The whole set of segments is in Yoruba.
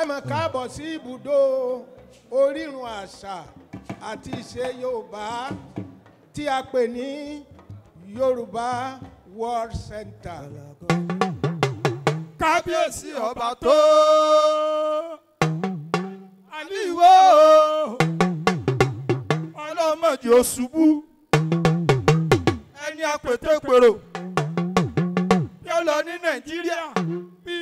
ẹ mọ̀ káàbọ̀ sí ibùdó orírun àṣà àti ìṣe Yorùbá tí a pè ní Yorùbá World Center. kábíyèsí ọba tó àníwò ọlọ́mọdé oṣubú ẹni àpètè pèrò yóò lọ ní Nàìjíríà bí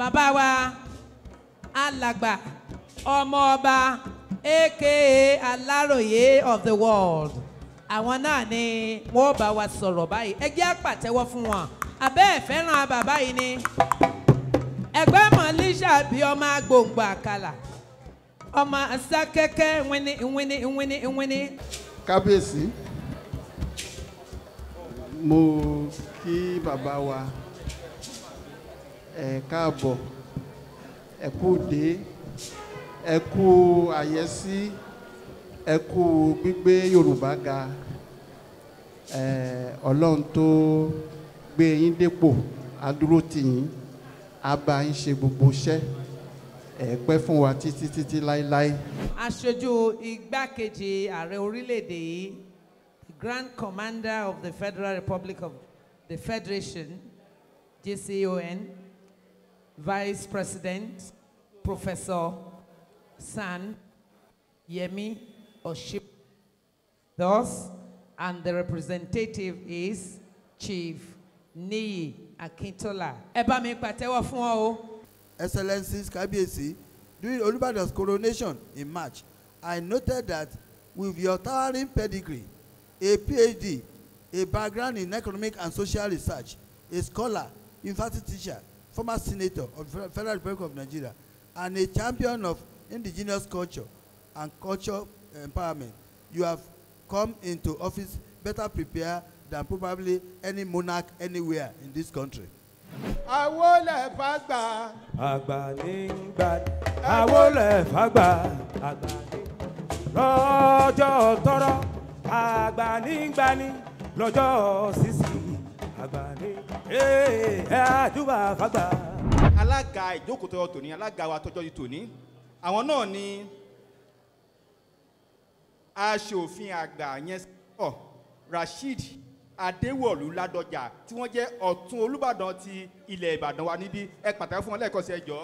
bàbá wa alàgbà ọmọọba aka aláròye of the world àwọn náà ni wọ́n bá wa sọ̀rọ̀ báyìí ẹ jẹ́ àpàtẹ́wọ́ fún wọn abẹ́ ẹ̀ fẹ́ràn bàbá yìí ni ẹgbẹ́ mọ̀lísà bí ọmọ agbòǹgbò àkàlà ọmọ asákẹ́kẹ́ wíní wíní wíní wíní. kábíyèsí mo kí bàbá wa ẹ káàbọ̀ ẹ kú dé ẹ kú àyẹ́sí ẹ kú gbígbé Yorùbá ga ẹ Ọlọ́run tó gbé yín dépò adúró tì yín a bá yín ṣe gbogbo iṣẹ́ ẹ pẹ́ fún wa títí títí láéláé. aṣojú igbákejì ààrẹ orílẹ̀-èdè yìí Grand Commander of the Federal Republic of the Federation, GCON. Vice President, Professor San Yemi Oship. Thus, and the representative is Chief Niyi Akintola. Ẹ bá mi pàtẹ́wọ́ fún ọ o. Excellencies Kábíyèsí, during Olubadan's coronation in March, I noted that with your towering pedigree, a PhD, a background in economic and social research, a scholar, university teacher, former senator of Federal Republic of Nigeria, and a champion of indigenous culture and culture empowerment, you have come into office better prepared than probably any monarch anywhere in this country. Àwo lẹ̀ fàgbà. Àgbà ní gbà. Àwo lẹ̀ fàgbà. Àgbà ní. Lọ́jọ́ tọrọ, àgbà ní gbani, lọ́jọ́ àdúrà eh, eh, ah, fàgbà. alága ìjókòó tọyọ tòní alága wa tọjọ yìí tòní àwọn náà ni aṣòfin àgbà yẹn sọ Rasheed Adéwọ̀lú Ládọjà tí wọ́n jẹ́ ọ̀tún Olúbàdàn ti ilẹ̀ Ìbàdàn wa níbí ẹ pàtẹ́wọ́ fún wọn lẹ́ẹ̀kan sí ẹjọ́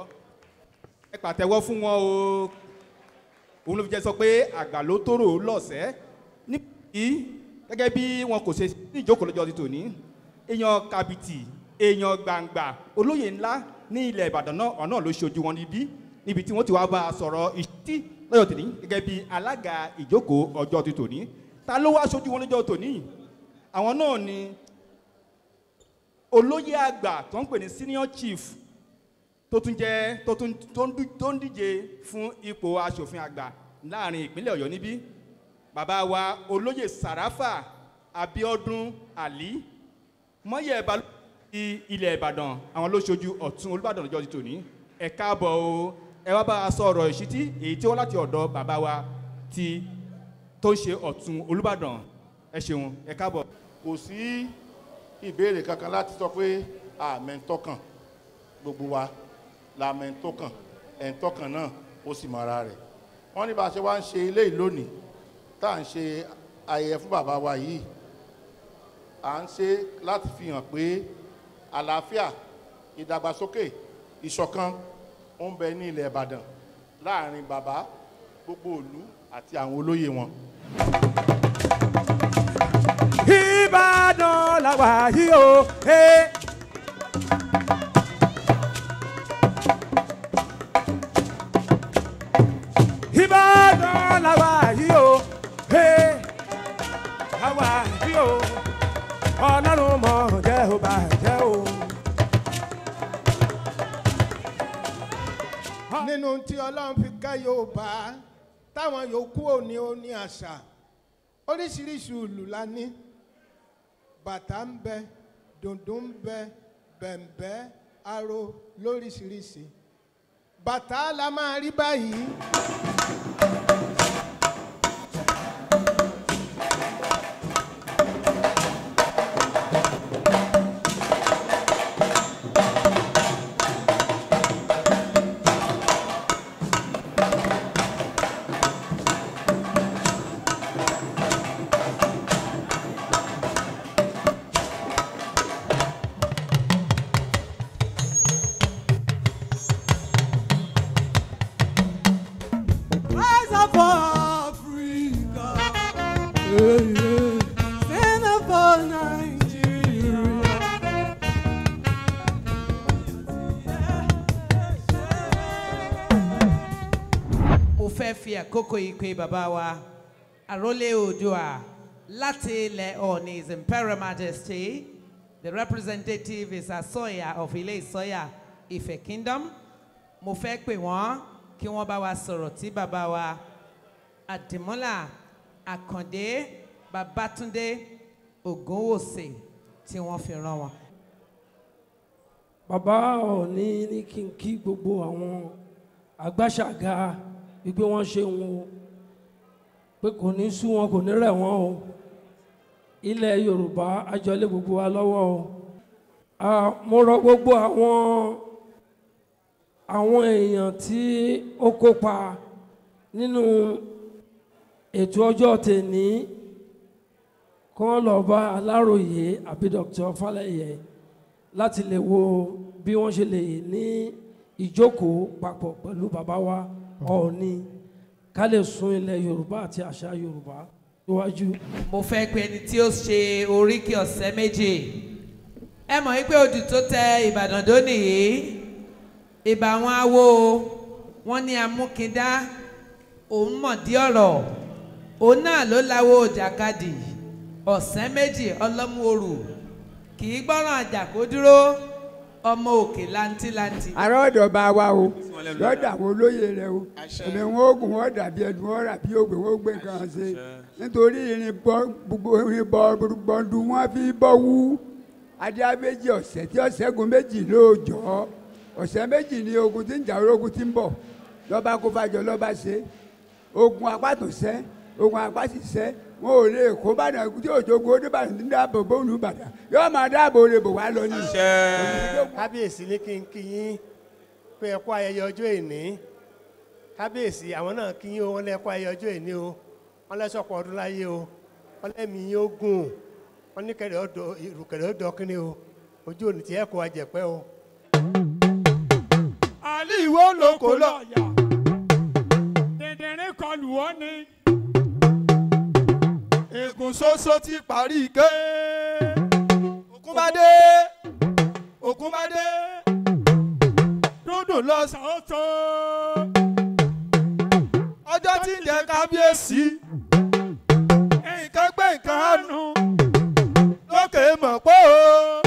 ẹ pàtẹ́wọ́ fún wọn o òun ló fi jẹ́ sọ pé àgbà ló tóró lọ́sẹ̀ẹ́ níbi gẹ́gẹ́ bí wọn kò ṣe ní ìjókòó lọ́jọ́ ti tòní èèyàn kàbìtì èèyàn gbangba olóyè ńlá ní ilẹ̀ ìbàdàn náà ọ̀nà ló ṣojú wọn níbí níbi tí wọ́n ti wá bá a sọ̀rọ̀ ìṣítí lọ́jọ́ tòní gẹ́gẹ́ bí alága ìjókòó ọjọ́ ti tòní ta ló wá ṣojú wọn lọ́jọ́ tòní àwọn náà ni olóyè àgbà tó ń pè ní senior chief tó tún jẹ́ tó ń díje fún ipò aṣòfin àgbà láàrin ìpínlẹ̀ ọ̀yọ́ níbí bàbá wa olóyè sàràfà abiodun ali mọ́yẹ̀ ìbàlú ti ilẹ̀ ìbàdàn àwọn ló ṣojú ọ̀tún olùbàdàn lọ́jọ́ ti tòní ẹ káàbọ̀ o ẹ wá bá a sọ ìṣítí èyí tí wọ́n láti ọ̀dọ̀ bàbá wa ti tó ṣe ọ̀tún olùbàdàn ẹ ṣeun ẹ káàbọ̀. kò sí ìbéèrè kankan láti sọ pé àmẹ́ ń gbogbo wa la ń tọkàn ẹ̀ ń tọkàn náà ó sì mọ ara rẹ̀ wọ́n ní bá a ṣe wá ń ṣe ilé ìlónìí tá à ń ṣe ayẹyẹ fún bàbá wa yìí à ń ṣe láti fi hàn pé àlàáfíà ìdàgbàsókè ìṣọ̀kan ń bẹ ní ilẹ̀ Ìbàdàn láàrin bàbá gbogbo ìlú àti àwọn olóyè wọn. Ìbàdàn làwà yìí o. Hey. Eh. nínú tí ọlọ́run fi ká Yorùbá táwọn yòókù òní òní àṣà oríṣiríṣi ìlù la ní bàtà ń bẹ dùndún ń bẹ bẹ̀m̀bẹ́ aro lóríṣiríṣi bàtà la máa rí báyìí. fẹ́fì àkókò yìí pé bàbá wa Arole Odua láti ilẹ̀ Ọ̀ọ̀ni His Imperial Majesty the representative is Asoya of Ilé Ìsọ́yà Ife Kingdom mo fẹ́ pè wọ́n kí wọ́n bá wa sọ̀rọ̀ tí bàbá wa àdìmọ́là àkàndé babátúndé ògúnwòsè tí wọ́n fi rán wọn. bàbá òní ní kí n kí gbogbo àwọn àgbàṣàga wípé wọ́n ṣe wọn o pé kò ní sú wọn kò ní rẹ̀ wọ́n o ilẹ̀ yorùbá àjọlé gbogbo wa lọ́wọ́ o mo rọ gbogbo àwọn àwọn èèyàn tí ó kópa nínú ètò ọjọ́ tèmi kán lọ bá aláròye àbí dr falẹyẹ láti lè wo bí wọ́n ṣe lè ní ìjókòó papọ̀ pẹ̀lú bàbá wa ọ̀ọ́ni ká lè sun ilẹ̀ yorùbá àti àṣà yorùbá níwájú. mo fẹ́ pe ẹni tí ó ṣe oríkì ọ̀sẹ̀ méje ẹ mọ̀ wípé odù tó tẹ ìbàdàn dó nìyí ìbà wọn awo wọn ní amúkindá òun mọ̀ dí ọ̀rọ̀ òun náà ló lawó jàkadì ọ̀sán méjì ọlọ́mú kì í gbọ́ràn àjà dúró ọmọ òkè lantilanti. ara ọ̀dọ̀ bá wa o lọ́dọ̀ àwọn olóyè rẹ o ẹ̀mẹ̀ wọn oògùn wọn dàbí ẹ̀dùn wọn rà bí oògùn wọn gbé nǹkan ṣe nítorí irin bọ̀dù wọn fi bọ́ wú adíá méjì ọ̀sẹ̀ tí ọ̀sẹ̀ gun méjì lóòjọ́ ọ̀sẹ̀ méjì ni ogun tí ń jà ogun tí ń bọ̀ lọ́ba kó fàjọ lọ́ba ṣe ogun apá tó sẹ́ ogun apáṣiṣẹ́ wọn ò lè kó bàdàn tí òjòkó oníbàdàn ti ń dáàbò bóòlù bàdàn yóò máa dáàbò olè bò wá lọ ní. kábíyèsí ní pé ẹ ayẹyẹ ọjọ́ ìní kábíyèsí àwọn náà o wọn lẹ kú ọjọ́ ìní o wọn o wọn ọdọ ọdọ o ojú òní o. ni. ègún soso ti parí ike. Ògúnbádé Ògúnbádé dúndùn lọ́sàn-án tán. Ọjọ́ tí ń jẹ kábíyèsí. Nǹkan gbé nǹkan á lókè mọ̀ pé